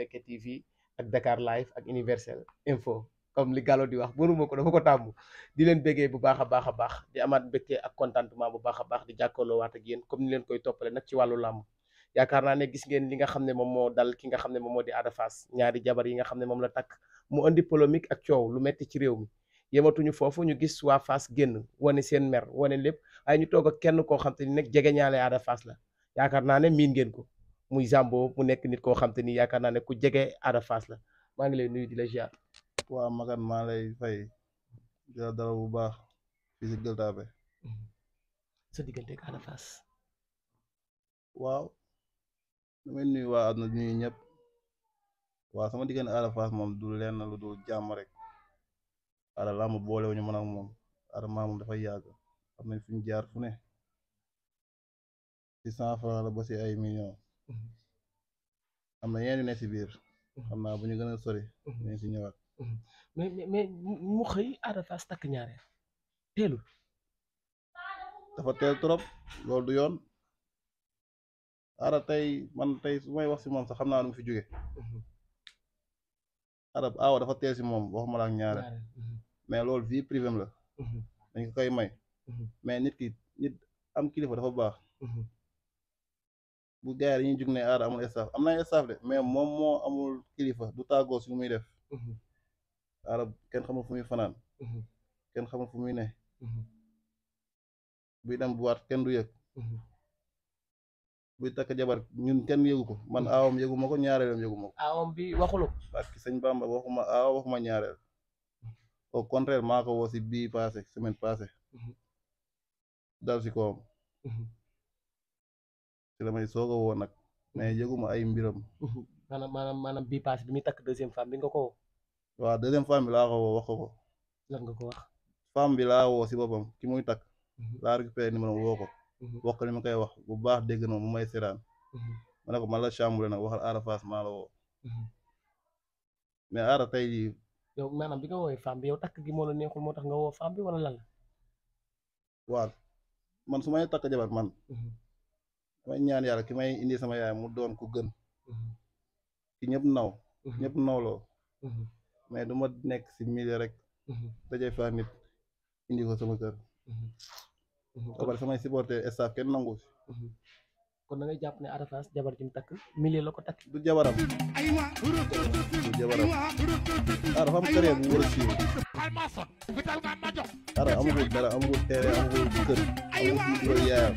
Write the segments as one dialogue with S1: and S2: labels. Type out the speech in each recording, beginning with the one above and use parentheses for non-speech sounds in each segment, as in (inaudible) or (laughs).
S1: Fekke TV ak Dakar Live ak Universel Info comme li Gallo di wax mënuma ko dafa ko tàmm di leen béggee bu baax a baax a baax di amaat mbégte ak contentement bu baax a baax di jàkkaarloo waat ak yéen comme ni leen koy toppale nag ci wàllu làmb yaakaar naa ne gis ngeen li nga xam ne moom moo dal ki nga xam ne moom moo di Ada Fass ñaari jabar yi nga xam ne moom la takk mu indi polémique ak coow lu metti ci réew mi yematuñu foofu ñu gis waa fas génn wane seen mer wane lépp waaye ñu toog ak kenn koo xam te ni nag jegeñaale Ada Fass la yaakaar muy Zambo mu nekk nit koo xam ni yaakaar naa ne ku jege Ada la maa ngi lay nuyu di la ziar.
S2: waaw Maguette maa lay fay di la dalal bu baax fii si Gueule sa diggante ak Ada Fass waaw damay nuyu waa àdduna nuyu waaw sama diggante Ada moom du lenn lu dul jàmm rek Ada làmb boolewuñu man ak moom Ada dafa yàgg am nañ fu ñu jaar fu ne ci cent franc la si ay millions am na yeneen yu ne si biir xam naa bu ñu gën a sori dinañ si ñëwaat mais mais
S1: mu xëy Ada Fass takk ñaareel
S2: teelul dafa teel trop loolu du yoon Ada tey man tey su may wax si moom sax xam naa nu fi jóge Ada aaw dafa teel si moom waxuma la ak ñaareel mais loolu vie privée la dañ ko koy may mais nit ki nit am kilifa dafa baax bu gars yi dañuy ne aada amul staff am na staff de mais moom moo amul kilifa du tàggoo si muy def. Mhm. aada kenn xamul fu muy fanaan. Mhm. kenn xamul fu muy ne. Mhm. buy dem boîte kenn du yëg. buy takk jabar ñun kenn yëgu ko man aawam yëgu ma ko ñaareelam yëgu ma ko. aawam bi waxulu parce que sëñ Bamba waxuma aaw waxuma ñaareel. au contraire maa ko woo si bii si koom. ci la may soog a woo nag mais yëguma ay mbiram.
S1: Uhuh. maanaam bi maanaam bi muy takk deuxième femme bi nga ko woo.
S2: waaw deuxième femme bi wax ko ko. lan nga ko wax. femme bi laa woo si boppam ki muy takk. Uhuh. laa récupéré numéro woo ko. Uhuh. wax ko li ma koy wax bu baax dégg na mu may seetaan. ma ne ko man la chambre nag waxal aara Fass maa woo. mais aara tey jii. bi nga woowee femme bi
S1: yow takk gi moo la neexul moo tax nga woo femme bi wala lan la.
S2: waaw man su takk jabar man. damay ñaan yàlla ki may indi sama yaay mu doon ku gën mhm. ki ñëpp naw mhm. ñëpp nawloo mhm. mais du ma nekk si milieu rek dajay faa nit indi ko sama kër ba samay supporter staff kenn nangu si
S1: kon da ngay jàpp ne Ada Fass jabar ji mu takk milieu la takk du
S2: jabaram du jabaram ah dafa siiw kalmasa fital nga ma jox dara amul dara amul teere amul kër amul kër yaayam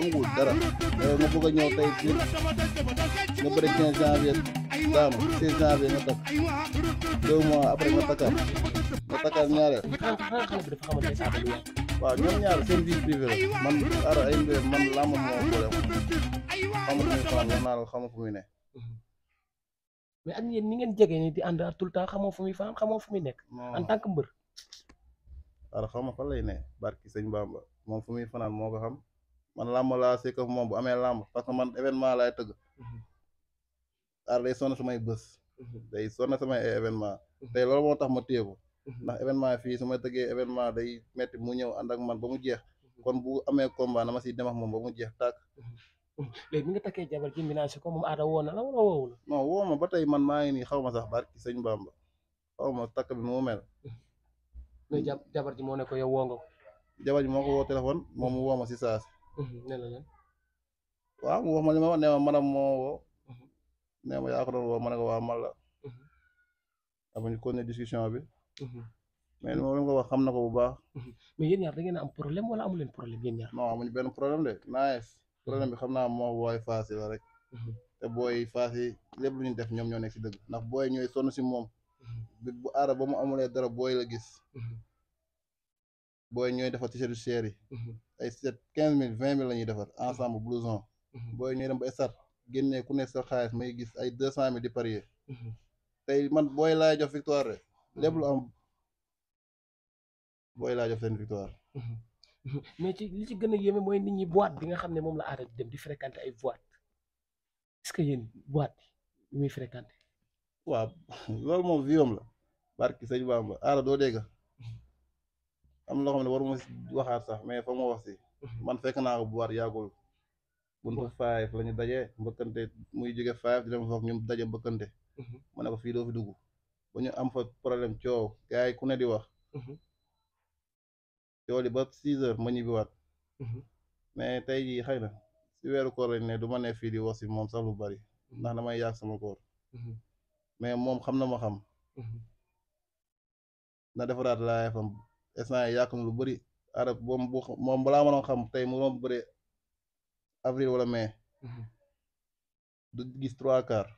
S2: amul dara ma eh, bëgg a ñëw tey bi nga bëri 15 janvier daama 16 janvier nga takk deux mois après nga takkaat nga ñoom ñaar seen vie privée man ara ay mbir man laa moom moo boole xamul muy fan la naa la xamul ne mhm.
S1: mais ak yéen ni ngeen jege ni di ànd tout le temps xamoo fu muy fanaan xamoo fu muy nekk. en tant que
S2: mbër. waaw xaw ma fan lay ne barki sëñ Bamba moom fu muy fanaan moo ko xam man làmb laa seq moom bu amee làmb parce que man événement laay tëgg. Mhm. aar day sonn samay bës. Mhm. day sonn samay événement mhm. tey loolu moo tax ma téye ndax événement fii su ma tëggee événement day metti mu ñëw ànd ak man ba mu jeex. kon bu amee combat na ma siy dem ak moom ba mu jeex tàkk.
S1: léegi mi nga takkee jabar ji ménage ko moom aada
S2: ma ba tey man maa ngi nii xaw ma sax barki sëñ Bamba xaw ma takk bi moo mel. mais jabar ji moo ne ko yow nga ko. jabar ji moo ko woo téléphone moom mu woo ma si saasi. Mhm, waaw mu wax ma li ma wax nee ma manam moo woo. Mhm. nee ma yaa ko a woo ma ne ko waa man la. Mhm. amuñu continuer discussion bi. mais moom lañ ko wax xam na ko bu baax. mais yéen ñaar da ngeen a am problème wala amu leen problème yéen ñaar. non amuñu benn problème de nice. problème bi xam naa moo booy faas la rek mhm. te booy faas yi lépp lu ñu def ñoom ñoo nekk si dëgg ndax booy ñooy sonn si moom mhm. bu aara ba mu amulee dara booy la gis mhm. booy ñooy defar t-shirt cher yi ay set quinze mille vingt mille la ñuy defar ensemble blouson booy ñooy dem ba star génnee ku nekk sa xaalis may gis ay deux cent mille di parier tey man booy laay jox victoire rek lépp lu am booy laay jox seen victoire
S1: (laughs) mais ci li ci gën a yéeme mooy nit ñi boîte bi nga xam ne moom la aada di dem di fréquenter ay boîte
S2: est-ce que yéen boîte
S1: yi muy fréquenter.
S2: waaw loolu moom viom la barki sëñ Bamba aada doo dégg am na loo xam ne waxaat sax mais fa ma wax si (laughs) man fekk naa ko boîte yàggul buntu five la ñu daje mbëkkante muy jóge five di (laughs) ne ko fii doo fi dugg ba ñu am fa problème coow gars yi ku ne di wax yooli ba six heures ma ñibbiwaat mhm. mais tey jii xëy na si weeru koor lañ ne du man ne fii di wax si moom sax lu bari mhm. ndax damay yàgg sama koor mhm. mais moom xam na ma xam na defaraat laay fam instant yi yàqum lu bari arab boom bu moom balaa xam tey mu moom bëre avril wala mai du gis trois quarts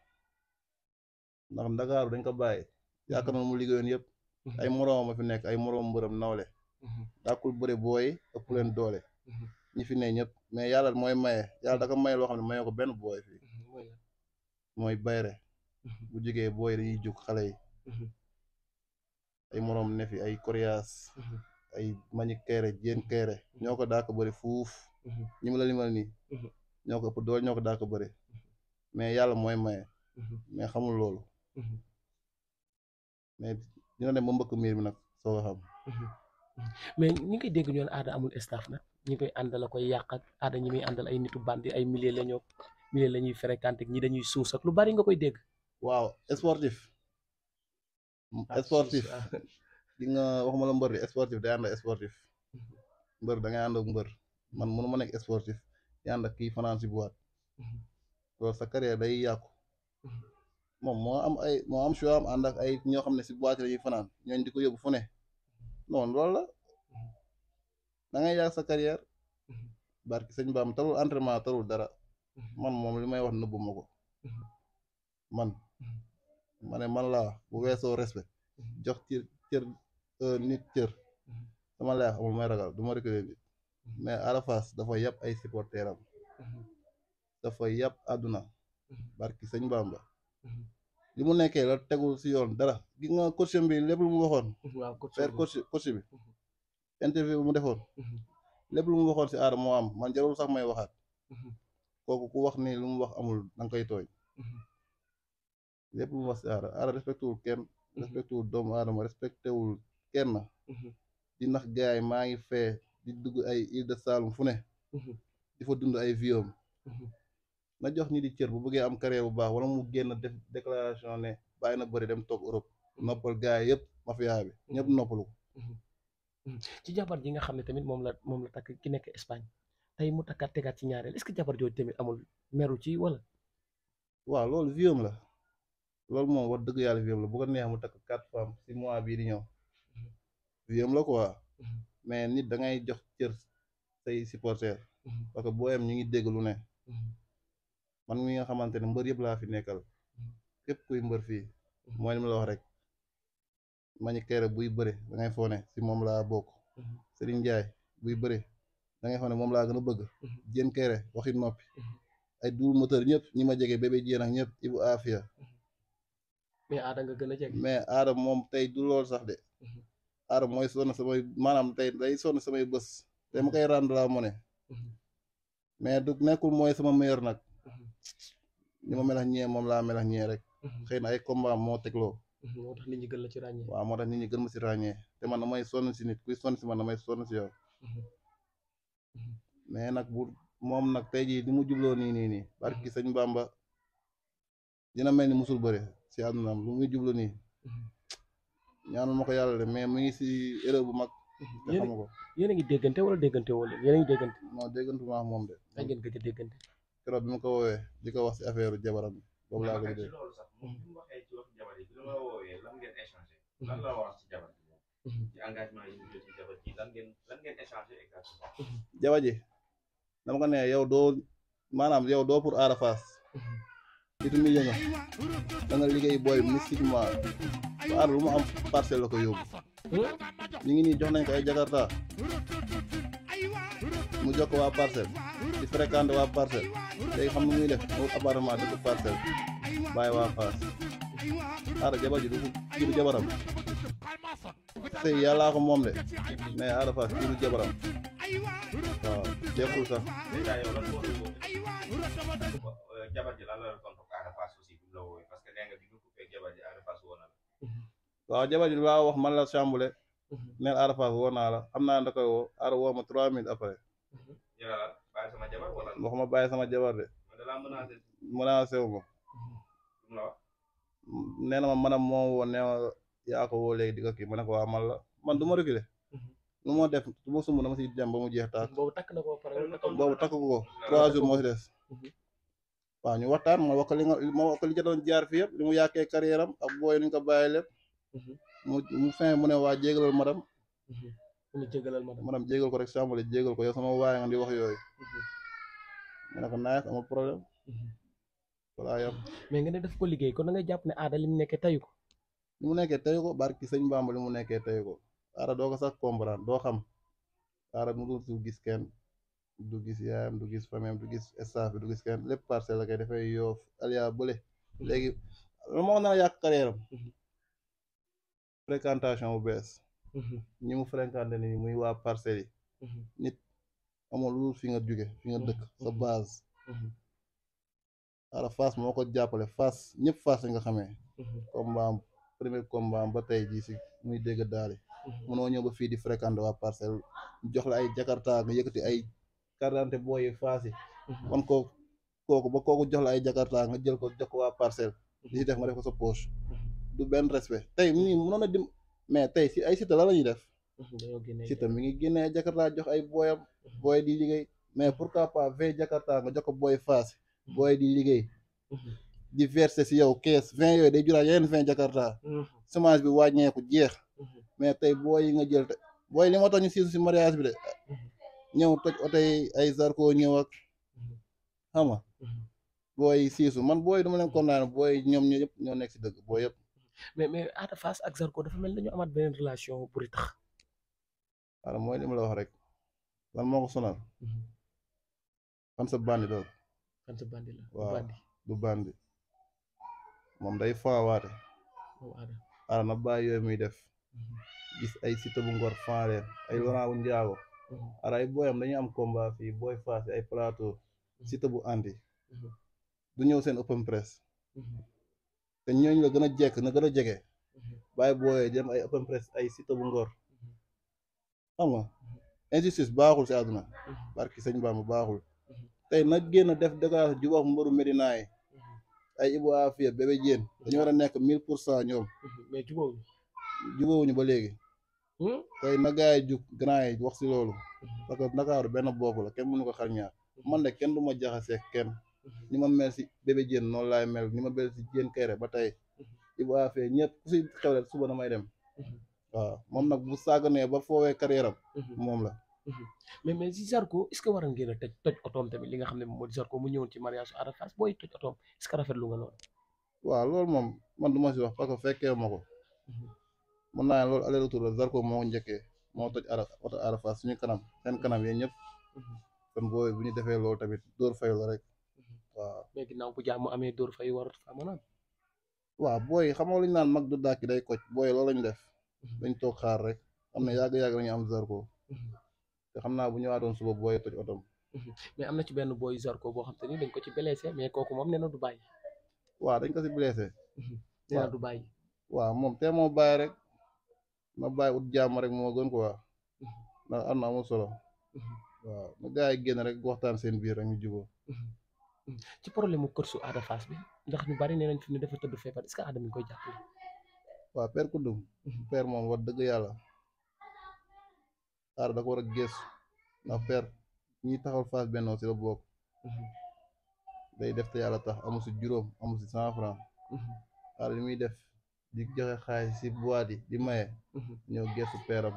S2: ndax ndakaaru dañ ko bàyyi yaakaar na mu liggéeyoon yëpp ay moroom a fi nekk ay moroom mbërëm nawle Mm-hmm. dàqul bëri booy ëpp leen mm-hmm. doole. Mm-hmm. ñi fi ne ñëpp mais yàlla mooy maye yàlla da may loo xam ne maye ko benn booy fii. mooy bayre bu jógee booy dañuy jug xale yi. ay moroom ne fi ay coriace. ay mañi keere jéen keere ñoo ko daa ko fuuf. ñi mu la limal nii. ñoo ko ëpp doole ñoo ko daa ko mais yàlla mooy maye. mais xamul loolu. mais dina dem ba mbëkk miir mi nag soo ko xam.
S1: mais ñi ngi koy dégg ñoon aada amul staff nag ñi koy àndal koy yàq ak aada ñi muy àndal ay nitu bandi ay milliers la ñoo milliers la ñuy fréquenté ak ñi dañuy suus lu bari nga koy
S2: dégg waaw sportif ah, sportif ah. di nga waxuma la mbër di sportif day ànd mbër man mënu ma nekk sportif di ànd ak kii fanaan si boîte loolu sa day yàqu mm-hmm. moom moo am ay moo am choix am ay ñoo xam ne si boîte la ñuy fanaan ñooñ di ko yóbbu fu ne non loolu la mhm. da ngay sa carrière mhm. barki sëñ baam tarul entraînement tarul dara mhm. man moom li may wax nëbbu ma ko man ma man laa bu weesoo respect jox cër euh, nit cër dama lay wax may ragal du ma reculer bi mais Ada Fass dafa yàpp ay supporteram dafa yàpp àdduna barki sëñ Bamba li mu nekkee la tegul si yoon dara gi nga coach bi lépp lu mu waxoon. waaw coach coach bi mhm. interview bi mu defoon. Mhm. lépp lu mu waxoon ci aar moo am man jarul sax may waxaat. Mhm. kooku ku wax ni lu mu wax amul da nga koy tooñ. lépp lu mu wax si aar aar respecté wul kenn. respecté doomu aadama respecté wul kenn. di nax gaay maa ngi fee di dugg ay Île de Saloum fu ne. di fa dund ay viom na jox ñi di cër bu bëggee am carrière bu baax wala mu génn def déclaration ne bàyyi na bëri dem toog Europe hmm. noppal gars yi yëpp mafia bi hmm. ñëpp noppalu ko hmm.
S1: ci jabar ji nga xam ne tamit moom la moom la takk ki nekk Espagne tey mu takkaat tegaat ci ñaareel est-ce que jabar jooju tamit amul meru ci wala
S2: waa lool viom la loolu moom wax dëgg yàlla viom la bu ko neex mu takk quatre femmes ci mois bii di ñëw viom la quoi mais nit da ngay jox cër say supporter ñu ngi dégg lu ne man mi nga xamante ne mbër yëpp laa fi nekkal képp kuy mbër fii mooy li ma la rek mañu keere buy bëre da ngay foone si moom laa bokk Serigne Ndiaye buy bëre da ngay xam ne moom laa gën a bëgg jéen kere waxi noppi ay du moteur ñëpp ñi ma jege bébé jéen ak ñëpp ibu afia mais aada nga gën a jege mais aada moom tey du lool sax de aada mooy sonn samay maanaam tey day sonn samay bës te mu koy rendre la monnaie mhm. mais du nekkul mooy sama meilleur nag ni ma melax ñee moom laa melax ñee rek. Mhm. xëy na ay moo tegloo. Mhm, moo tax nit ñi gën la ci ràññee. waaw moo tax nit ñi gën ma si ràññee te man damay sonn si nit kuy sonn si man damay sonn si yow. Mhm. mais nag bu moom nag tey jii ni mu jubloo nii nii nii barki sëñ Bamba dina mel ni musul bëre si àddunaam lu muy jublu nii. ñaanal ma ko yàlla de mais mu ngi si erreur bu mag.
S1: te xam nga ko yéen a ngi déggante wala déggante
S2: moom de. da ngeen gëj keroog bi ma ko woowee di ko wax si affaire jabaram bi boobu laa ko jëlee
S3: lan wax ci jabar ji
S1: mhm. engagement yi ci jabar lan ngeen lan ngeen échangé exactement
S2: mhm. jabar dama ko yow doo maanaam yow doo pour Ada Fass mhm. itu yënga da nga liggéey booy mystiquement ba aar lu mu am parcelle la ko yóbbu ñu ngi nii jox nañ ko ay jakarta mu jokk waa parcelle di fréquente waa parcelle léegi xam nga muy def moom appartement dëkk parcelle bàyyi waa Fass aara jabar ji du jabaram sëy yàllaa moom de mais aara Fass jiru jabaram waaw jeexul sax. jabar ji laa wax man la chamboulé mhm. neel aara Fass woo naa naa da woo aara woo trois mille après. Mhm. ma bàyyi sama jabar de. menacé wu ma. nee na ma manam moo woo yaako ma yaa ko woo léegi di ko kii ma ne ko waa man la man du ma reculer. Mhm. nu ma def su ma sumb dama si dem ba mu jeex taat. boobu takk na ko boobu takk ko trois jours moo si des. Mhm. waaw ñu waxtaan ma wax ko li nga ma wax ko jaar fi yëpp li mu yàqee carrière am ak booy ñu ko bàyyi lépp. Mhm. mu mu fin mu ne waa jégalal madam. mu jégalal madam madam jégal ko rek sàmbale jégal ko yow sama waay nga di wax yooyu. ma ne ko naaj amul problème. voilà mhm. yow. mais nga ne def ko
S1: liggéey kon da nga jàpp ne aada li mu nekkee tayu ko.
S2: li mu nekkee tayu ko barki sëñ Bamba li mu nekkee tayu ko aada doo ko sax comprendre doo xam aada mu du gis kenn du gis yaayam du gis famille du gis staff du gis kenn lépp parcelle la kay dafay yoof aliya bële mhm. léegi lu ma wax na yàq mhm. fréquentation bu bees ñi mu fréquenté ni muy waa parcelles yi amoo lu dul fi nga jóge fi nga mm-hmm. dëkk mm-hmm. Mm-hmm. moo ko jàppale Fass ñëpp Fass la nga xamee combat am ba tey jii si muy dégg daali mënoo ñëw ba fii di fréquenté waa parcelle jox la ay jakarta nga yëkkati ay carte booyi Fass ko kooku ba kooku jox la ay jakarta nga jël ko jox ko waa parcelle def nga def sa poche du benn respect mu mais tey si ay Siteu la la ñuy def Siteu mi ngi génne ay jakarta jox ay booyam booy di liggéey mais pourquoi pas vingt jakarta nga jox ko booy faas booy di liggéey di verser si yow kees vingt yooyu day juraat yeneen vingt jakarta semence bi wàññeeku jeex mais tey booy yi nga jël te booy li ñu siisu si mariage bi de ñëw toj oto ay zarko ñëw ak booy siisu man booy dama leen condamné booy ñoom ñu yëpp ñoo nekk si dëgg booy yëpp
S1: mais mais Ada Fass ak zarko dafa mel dañu amaat beneen relation bu
S2: tax wala mooy li la wax rek lan moo ko sonal. Mhm. sa bandi doon. du bandi moom day faawaate. ara na bàyyi yooyu muy def. Mhm. ay Siteu bu Ngor ay mhm. Laurent bu ara ay booyam dañuy am combat fii booy Fass ay plateau. Siteu bu andi. du ñëw seen open press. te ñooñu la gën a jekk na gën a jege. bàyyi booyee dem ay open press ay Siteu bu Ngor. injustice baaxul si àdduna barki sëñ Bamba baaxul tey nag génn def déclaration ju wax mbaru Médina yi ay Ibou Afia bébé Diène dañu war a nekk mille pour cent ñoom mais jubóowuñu jubóowuñu ba léegi hmm? tey na gars yi jug grand yi wax si loolu parce que Ndakaaru benn bopp la kenn mënu ko xar ñaar man de kenn du ma jaxasee kenn ni ma mel si bébé Diène noonu laay mel ni ma mel si Diène Kairé ba tey Ibou Afia ñëpp ku si xewle suba damay dem waaw moom nag bu saaganee ba foowee carrière am mhm. moom la
S1: mhm. mais mais si Zarko est que waroon ngeen a toj toj otoom tamit li nga xam ne moom moo di Zarko mu ñëwoon ci mariage Ada Fass booy toj rafetlu nga
S2: waaw loolu moom man du ma si wax parce que ma ko mhm. mën naa ne loolu aller retour Zarko moo njëkkee moo toj ara oto suñu kanam seen kanam yéen ñëpp kon booy bu ñu defee loolu tamit door fay la rek
S1: waa mais ginnaaw bu mu amee dóor fay warut fa mën a
S2: waaw booy xamoo lu ñu naan mag du dàkki day koj booy loolu lañ def dañ toog xaar rek am na yàgg-yàgg dañu am Zarko te xam naa bu ñëwaatoon suba booy toj otom
S1: mais am na ci benn booy Zarko boo xam te ni dañ ko ci blessé mais kooku moom na du bàyyi
S2: waaw dañ ko si blessé nee du bàyyi waaw moom te moo bàyyi rek na bàyyi ut jàmm rek moo gën quoi ndax am na amul solo waaw na gars yi génn rek waxtaan seen biir ñu jubóo
S1: ci problème mu kër su Ada Fass bi ndax ñu bari nee nañ fi ne dafa
S2: tëdd feebar est que Ada mi ngi koy jàppale waaw per Koundou mhm. père moom wax dëgg yàlla aar da ko war a gëstu ndax père ñi taxawal Fass Benno si la mhm. day def te yàlla tax amu si juróom amu si cent franc aar mhm. li muy def di joxe xaalis si boîte di maye ñëw gëstu peeram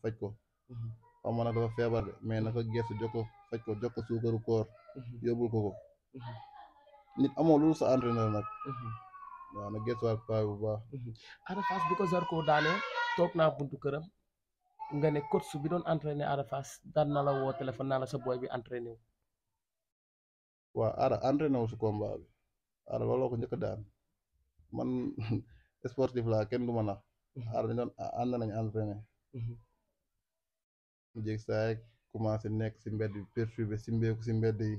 S2: faj ko xam na nag feebar de mais naka gëstu jox faj ko jox ko suukaru koor yóbbul ko ko nit amoo loolu sa entraîneur nag waaw na gëstuwaat paa bu baax.
S1: Mhm. bi ko Zarko daanee toog naa buntu këram nga ne coach bi doon entraîné Ada Fass daan na la woo téléphone naa la sa boy bi entraîné wu.
S2: waaw Ada entraîné wu si combat Ada looloo ko njëkk daan man (laughs) sportif laa kenn du ma nax. Mhm. Ada dañu doon ànd nañu entraîné. Mhm. mu jéeg saa nekk si mbedd bi perturbé si mbéeku si mbedd yi.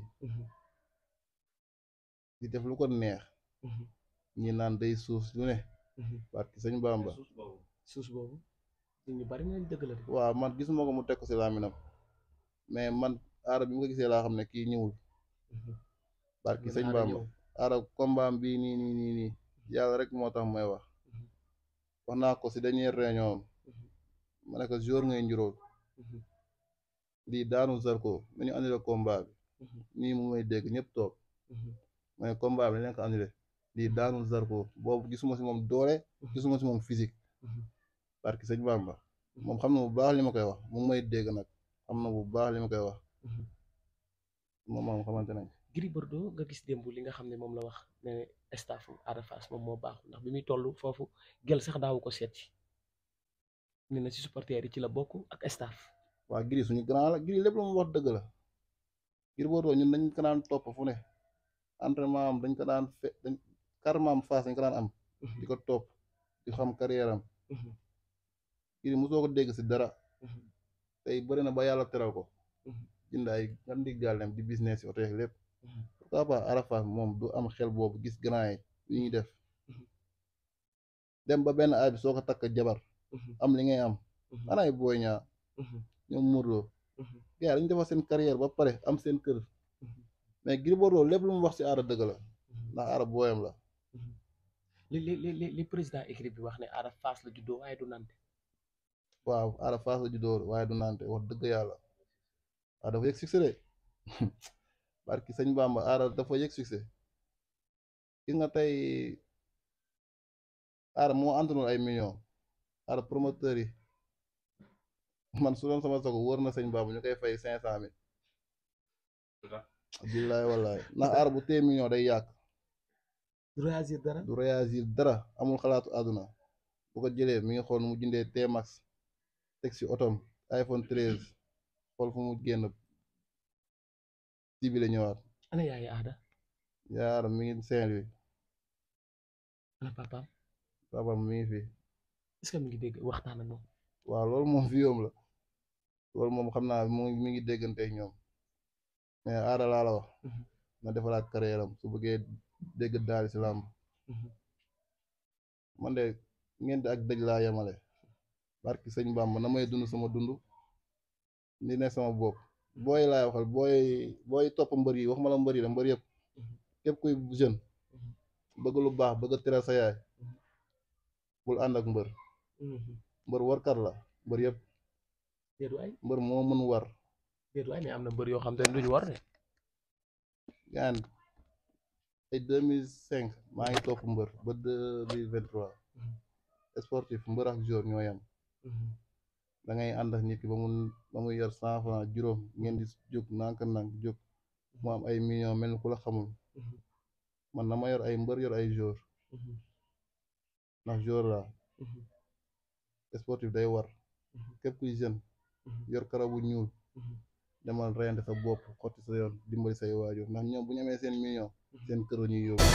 S2: def lu ko neex. ñi naan day suus lu ne mhm. barki sëñ Bamba
S1: suus boobu ñu
S2: waaw man gisuma ko mu teg ko si laaminam mais man aara bi mu ko gisee laa xam ne kii ñëwul mhm. barki sëñ Bamba ara combat bii nii nii nii nii mhm. yàlla rek moo tax mooy wax wax naa ko si dernière réunion am ma ne ko jour ngay njuróol lii daanu Zarko nañu annulé combat bi nii mu may dégg ñëpp toog ma ne combat bi nañ ko annulé di daanul Zarko boobu gisuma si moom doole. Mhm. gisuma si moom physique. parce mhm. que sëñ Bamba mhm. moom xam na bu baax li ma koy wax moom ngi may dégg nag am na bu baax li ma koy wax. moom moom xamante nañ.
S1: Gris Bordeaux nga gis démb li nga xam ne moom la wax ne staffu Ada Fass moom moo baaxul ndax bi muy toll foofu gel sax daawu ko seeti nee na si supporters yi ci la bokk ak staff.
S2: waa Gris suñu grand la Gris lépp lu mu wax dëgg la Gris Bordeaux ñun ne entraînement am dañ karmaam faas dañ ko daan am di ko topp di xam carrière am kii mosoo ko dégg si dara tey bëri na ba yàlla teral ko jënd ay gan di gàllem di business yi oto yeeg lépp pourquoi pas Arafat moom du am xel boobu gis grand yu ñuy def dem ba benn aay bi soo ko takk jabar am li ngay am anaay booy ñaa ñoom murloo gaa dañu defar seen carrière ba pare am seen kër mais Gris lépp lu mu wax si aara dëgg la ndax aara booyam la
S1: li li li li président écrit bi wax ne Ada Fass la juddoo waaye du nante
S2: waaw Ada Fass la juddoo waaye du nante wax dëgg yàlla waaw dafa yëg succès de (laughs) barki sëñ Bamba Ada dafa yëg succès ki nga tey Ada moo antaloon ay millions Ada promoteur man su sama sogo wóor na sëñ Bamba ñu koy fay cinq cent mille billaay wallaay ndax bu tee million day yàq du réagir dara amul xalaatu àdduna bu ko jëlee mi ngi xool mu jëndee T-Max teg si otom iPhone 13 xool fu mu génn tibile ñëwaat.
S1: ana yaay aada.
S2: yaar mi ngi Saint-Louis. ana papaam. ngi fi.
S1: est que mi ngi dégg waxtaan ak moom.
S2: loolu moom fi la loolu moom xam naa mu mi ngi déggante ak ñoom mais aada laa la mhm. na defalaat carrière su bëggee. dégg daal ci làmb man de ak dëj laa yemale barki sëñ Bàmba na may dund sama dund ni ne sama bopp mm-hmm. booy laay waxal booy booy topp mbër yi wax ma la mbër yi da mbër yëpp mm-hmm. képp kuy jeune mm-hmm. bëgg lu baax bëgg a teral sa yaay bul ànd ak mbër mbër warkat la mbër yëpp mbër moo mën war déet waay mais am na mbër yoo xam te ne duñu war de gaan ay deux mille cinq maa ngi topp mbër ba deux mille vingt trois mm-hmm. sportif mbër ak jour ñoo yam mm-hmm. da ngay ànd ak nit ki ba mu ba mu yor cent franc juróom ngeen di jóg nank nank jóg mu am ay million mel ku la xamul mm-hmm. man na ma yor ay mbër yor ay jour ndax jour la sportif day war képp ku jeune yor karaw bu ñuul demal reyante sa bopp xotti sa yoon dimbali say waajur ndax ñoom bu ñu amee seen million seen këro ñu yóbbu